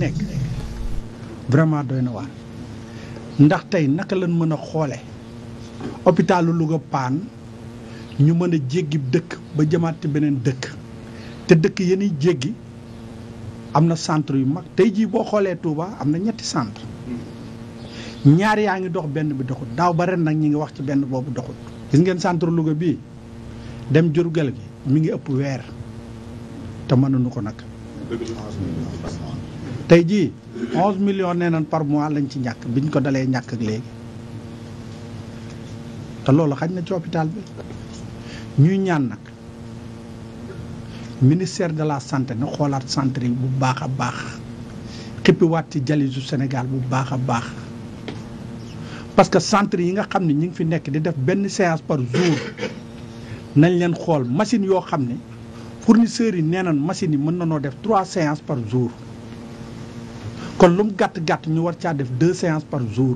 nekk vraiment doy na waar ndax tey naka lañ mën a xoole hôpitalu Louga paan ñu mën a jéggi dëkk ba jëmaat ci beneen dëkk te dëkk yeni jéggi am na centre yu mag tey jii boo xoolee Touba am na ñetti centre ñaar yaa ngi dox benn bi doxut daaw ba ren nag ñi ngi wax ci benn boobu doxut gis ngeen centre Louga bii dem Diourbel gi mi ngi ëpp weer te mën nu ko nag tey jii 11 millions nee nañ par mois lañ ci ñàkk biñ ko dalee ñàkk ak léegi te loolu xaj na ci hôpital bi ñuy ñaan nag ministère de la santé na xoolaat centre bu baax a baax xippiwaat ci jalisu Sénégal bu baax a baax parce que centre yi nga xam ne ñu ngi fi nekk di def benn séance par jour nañ leen xool machine yoo xam ne fournisseurs yi nee nan machines yi mën na noo def trois séances par jour kon lu mu gàtt gàtt ñu war caa def deux séances par jour